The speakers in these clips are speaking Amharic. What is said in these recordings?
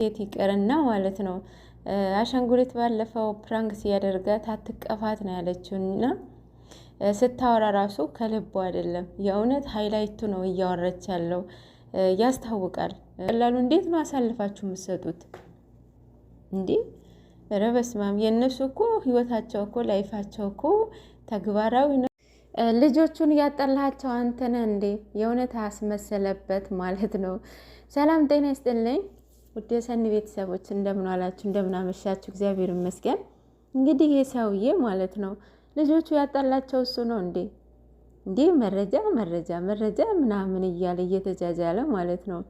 ሴት ይቅርና ማለት ነው አሻንጉሊት ባለፈው ፕራንክ ሲያደርጋት አትቀፋት ነው ያለችው እና ስታወራ ራሱ ከልቡ አይደለም። የእውነት ሀይላይቱ ነው እያወረች ያለው ያስታውቃል። ቀላሉ እንዴት ነው አሳልፋችሁ የምትሰጡት እንዴ? ኧረ በስመ አብ! የእነሱ እኮ ህይወታቸው እኮ ላይፋቸው እኮ ተግባራዊ ነው። ልጆቹን እያጠላቸው አንተነ እንዴ? የእውነት አስመሰለበት ማለት ነው። ሰላም ጤና ይስጥልኝ። ውድ የሰኒ ቤተሰቦች እንደምን አላችሁ? እንደምን አመሻችሁ? እግዚአብሔር ይመስገን። እንግዲህ ይሄ ሰውዬ ማለት ነው ልጆቹ ያጣላቸው እሱ ነው እንዴ? እንዴ መረጃ መረጃ መረጃ ምናምን እያለ እየተጃጃለ ማለት ነው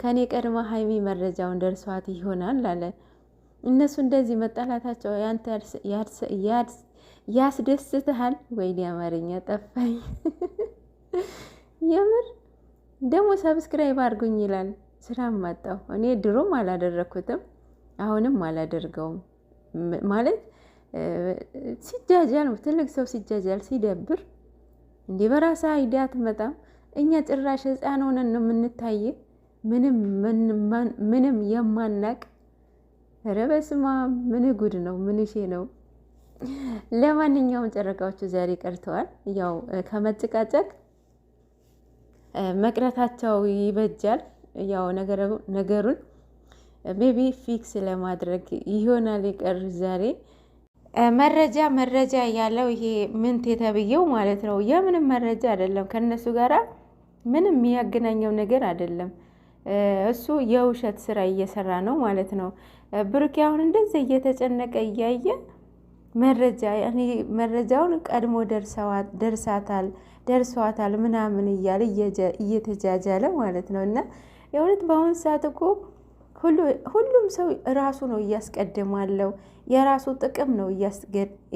ከኔ ቀድማ ሀይሚ መረጃውን ደርሷት ይሆናል አለ። እነሱ እንደዚህ መጣላታቸው ያንተ ያስደስትሃል ወይ? አማርኛ ጠፋኝ የምር ደግሞ ሰብስክራይብ አድርጉኝ ይላል። ስላመጣው እኔ ድሮም አላደረግኩትም፣ አሁንም አላደርገውም። ማለት ሲጃጃል ትልቅ ሰው ሲጃጃል ሲደብር እንዲህ በራሳ አይዲያ አትመጣም። እኛ ጭራሽ ህፃን ሆነን ነው የምንታየ ምንም የማናቅ ረበስማ ምን ጉድ ነው? ምን ሼ ነው? ለማንኛውም ጨረቃዎቹ ዛሬ ቀርተዋል። ያው ከመጨቃጨቅ መቅረታቸው ይበጃል። ያው ነገሩን ቤቢ ፊክስ ለማድረግ ይሆናል የቀር ዛሬ መረጃ መረጃ ያለው ይሄ ምንት የተብዬው ማለት ነው። የምንም መረጃ አይደለም፣ ከነሱ ጋራ ምንም የሚያገናኘው ነገር አይደለም። እሱ የውሸት ስራ እየሰራ ነው ማለት ነው። ብሩኬ አሁን እንደዚህ እየተጨነቀ እያየ መረጃ መረጃውን ቀድሞ ደርሳታል ደርሷታል ምናምን እያለ እየተጃጃለ ማለት ነው እና የእውነት በአሁን ሰዓት እኮ ሁሉም ሰው ራሱ ነው እያስቀደመ ያለው፣ የራሱ ጥቅም ነው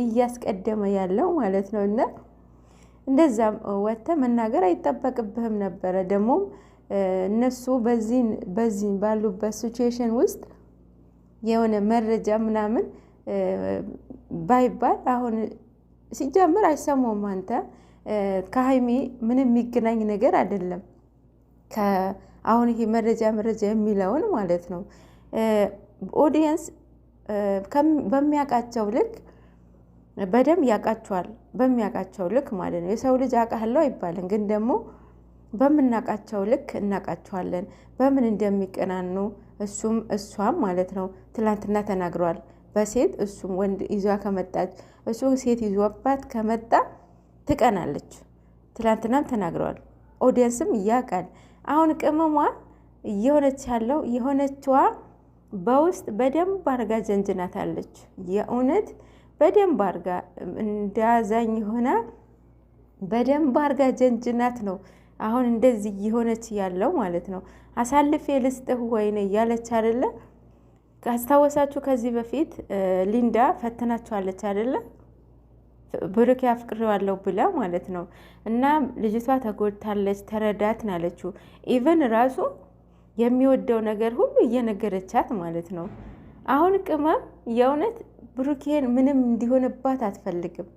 እያስቀደመ ያለው ማለት ነው። እና እንደዛም ወጥተ መናገር አይጠበቅብህም ነበረ። ደግሞም እነሱ በዚህ ባሉበት ሲቹዌሽን ውስጥ የሆነ መረጃ ምናምን ባይባል አሁን ሲጀምር አይሰማውም። አንተ ከሀይሜ ምንም የሚገናኝ ነገር አይደለም። አሁን ይሄ መረጃ መረጃ የሚለውን ማለት ነው ኦዲየንስ በሚያውቃቸው ልክ በደንብ ያውቃቸዋል። በሚያውቃቸው ልክ ማለት ነው። የሰው ልጅ አውቃለሁ አይባልም፣ ግን ደግሞ በምናውቃቸው ልክ እናውቃቸዋለን። በምን እንደሚቀናኑ እሱም እሷም ማለት ነው። ትላንትና ተናግሯል። በሴት እሱም ወንድ ይዟ ከመጣች እሱ ሴት ይዞባት ከመጣ ትቀናለች። ትላንትናም ተናግረዋል። ኦዲየንስም ያውቃል። አሁን ቅመሟ እየሆነች ያለው የሆነችዋ በውስጥ በደንብ አርጋ ጀንጅናታለች። የእውነት በደንብ አርጋ እንዳዛኝ የሆነ በደንብ አርጋ ጀንጅናት ነው አሁን እንደዚህ እየሆነች ያለው ማለት ነው። አሳልፌ ልስጥህ ወይን እያለች አደለ? ካስታወሳችሁ ከዚህ በፊት ሊንዳ ፈትናችኋለች አይደለ? አፍቅር አፍቅሬዋለሁ ብላ ማለት ነው። እና ልጅቷ ተጎድታለች፣ ተረዳት ናለችው። ኢቨን ራሱ የሚወደው ነገር ሁሉ እየነገረቻት ማለት ነው። አሁን ቅመም የእውነት ብሩኬን ምንም እንዲሆንባት አትፈልግም።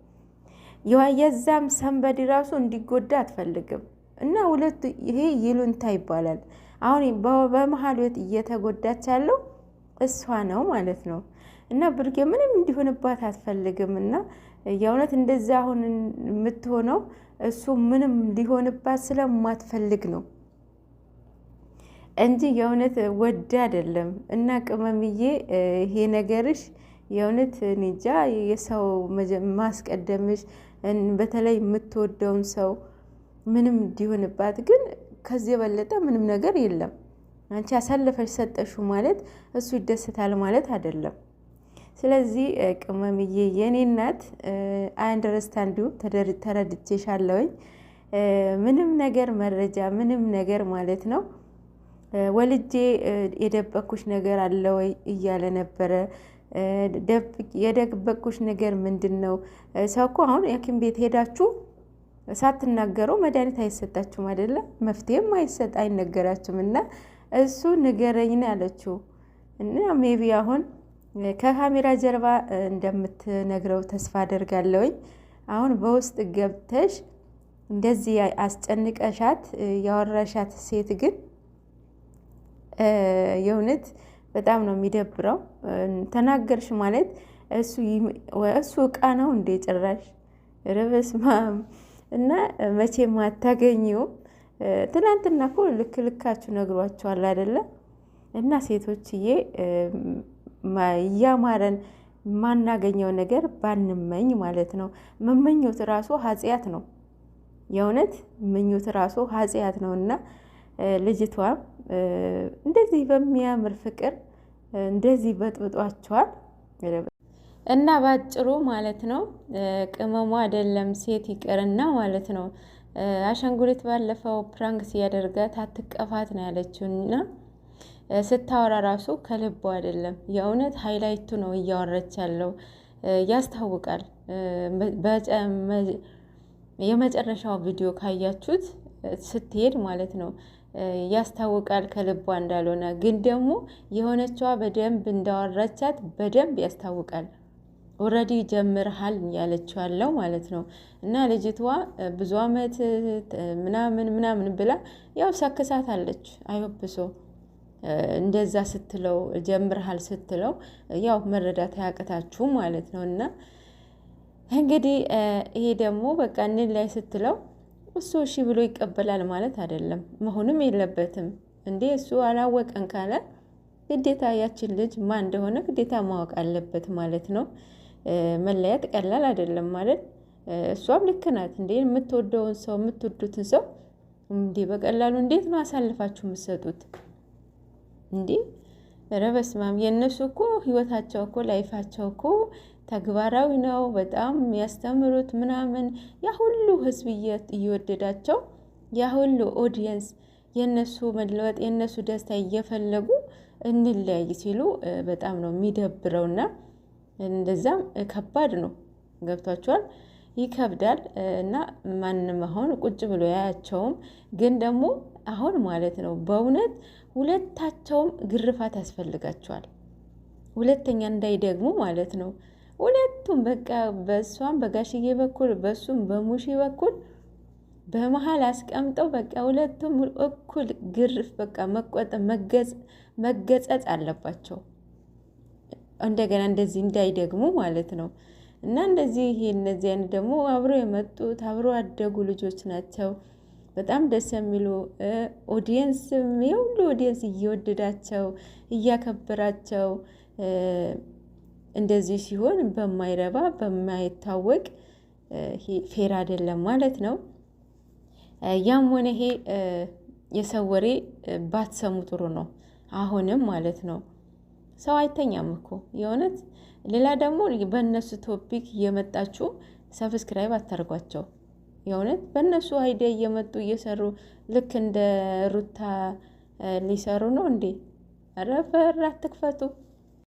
የዛም ሰንበዲ ራሱ እንዲጎዳ አትፈልግም። እና ሁለቱ ይሄ ይሉንታ ይባላል። አሁን በመሀል እየተጎዳች ያለው እሷ ነው ማለት ነው። እና ብሩኬ ምንም እንዲሆንባት አትፈልግም እና የእውነት እንደዚህ አሁን የምትሆነው እሱ ምንም ሊሆንባት ስለማትፈልግ ነው እንጂ የእውነት ወድ አይደለም። እና ቅመምዬ ይሄ ነገርሽ የእውነት ኒጃ የሰው ማስቀደምሽ በተለይ የምትወደውን ሰው ምንም እንዲሆንባት ግን ከዚህ የበለጠ ምንም ነገር የለም። አንቺ አሳልፈሽ ሰጠሹ ማለት እሱ ይደሰታል ማለት አይደለም። ስለዚህ ቅመምዬ የኔ እናት አንደርስታንዱ ተረድቼሻለሁኝ። ምንም ነገር መረጃ ምንም ነገር ማለት ነው ወልጄ የደበኩሽ ነገር አለ ወይ እያለ ነበረ። የደበኩሽ ነገር ምንድን ነው? ሰው እኮ አሁን ሐኪም ቤት ሄዳችሁ ሳትናገሩ መድኃኒት አይሰጣችሁም አይደለም? መፍትሄም አይሰጥ አይነገራችሁም። እና እሱ ንገረኝ ነው ያለችው እና ሜቢ አሁን ከካሜራ ጀርባ እንደምትነግረው ተስፋ አደርጋለሁኝ። አሁን በውስጥ ገብተሽ እንደዚህ አስጨንቀሻት ያወራሻት ሴት ግን የእውነት በጣም ነው የሚደብረው። ተናገርሽ ማለት እሱ እቃ ነው እንዴ ጭራሽ ርብስ ማም እና መቼም አታገኘውም። ትናንትና እኮ ልክ ልካችሁ ነግሯቸዋል አይደለም። እና ሴቶችዬ እያማረን ማናገኘው ነገር ባንመኝ ማለት ነው። መመኘት ራሱ ኃጢአት ነው። የእውነት ምኞት ራሱ ኃጢአት ነው እና ልጅቷ እንደዚህ በሚያምር ፍቅር እንደዚህ በጥብጧቸዋል። እና ባጭሩ ማለት ነው ቅመሙ አይደለም ሴት ይቅርና ማለት ነው አሻንጉሊት ባለፈው ፕራንክ ሲያደርጋት አትቀፋት ነው ያለችው እና ስታወራ ራሱ ከልቡ አይደለም። የእውነት ሀይላይቱ ነው እያወረች ያለው ያስታውቃል። የመጨረሻው ቪዲዮ ካያችሁት ስትሄድ ማለት ነው ያስታውቃል ከልቧ እንዳልሆነ፣ ግን ደግሞ የሆነችዋ በደንብ እንዳወራቻት በደንብ ያስታውቃል። ኦልሬዲ ጀምርሃል ያለችዋለው ማለት ነው። እና ልጅቷ ብዙ አመት ምናምን ምናምን ብላ ያው ሰክሳት አለች አይወብሶ እንደዛ ስትለው ጀምርሃል ስትለው ያው መረዳት አያቅታችሁ ማለት ነው። እና እንግዲህ ይሄ ደግሞ በቃ እንን ላይ ስትለው እሱ እሺ ብሎ ይቀበላል ማለት አይደለም፣ መሆንም የለበትም እንዴ። እሱ አላወቀን ካለ ግዴታ ያችን ልጅ ማን እንደሆነ ግዴታ ማወቅ አለበት ማለት ነው። መለያት ቀላል አይደለም ማለት እሷም ልክ ናት እንዴ። የምትወደውን ሰው የምትወዱትን ሰው እንዲህ በቀላሉ እንዴት ነው አሳልፋችሁ የምትሰጡት? እንዴ ኧረ በስመ አብ የእነሱ እኮ ህይወታቸው እኮ ላይፋቸው እኮ ተግባራዊ ነው። በጣም የሚያስተምሩት ምናምን ያ ሁሉ ህዝብ እየወደዳቸው ያ ሁሉ ኦዲየንስ የእነሱ መለወጥ የእነሱ ደስታ እየፈለጉ እንለያይ ሲሉ በጣም ነው የሚደብረውና እንደዛም ከባድ ነው። ገብቷቸዋል ይከብዳል እና ማንም አሁን ቁጭ ብሎ ያያቸውም ግን ደግሞ አሁን ማለት ነው በእውነት ሁለታቸውም ግርፋት ያስፈልጋቸዋል። ሁለተኛ እንዳይደግሙ ማለት ነው። ሁለቱም በቃ በእሷም በጋሽዬ በኩል በሱም በሙሺ በኩል በመሀል አስቀምጠው በቃ ሁለቱም እኩል ግርፍ በቃ መቆጠ መገጸጽ አለባቸው። እንደገና እንደዚህ እንዳይደግሙ ማለት ነው። እና እንደዚህ እነዚያን ደግሞ አብሮ የመጡት አብሮ ያደጉ ልጆች ናቸው። በጣም ደስ የሚሉ ኦዲየንስ የሁሉ ኦዲየንስ እየወደዳቸው እያከበራቸው እንደዚህ ሲሆን በማይረባ በማይታወቅ ፌር አይደለም ማለት ነው። ያም ሆነ ይሄ የሰው ወሬ ባትሰሙ ጥሩ ነው። አሁንም ማለት ነው ሰው አይተኛም እኮ የእውነት። ሌላ ደግሞ በእነሱ ቶፒክ እየመጣችሁ ሰብስክራይብ አታርጓቸው። የእውነት በእነሱ አይዲያ እየመጡ እየሰሩ ልክ እንደ ሩታ ሊሰሩ ነው እንዴ? ኧረ በር አትክፈቱ።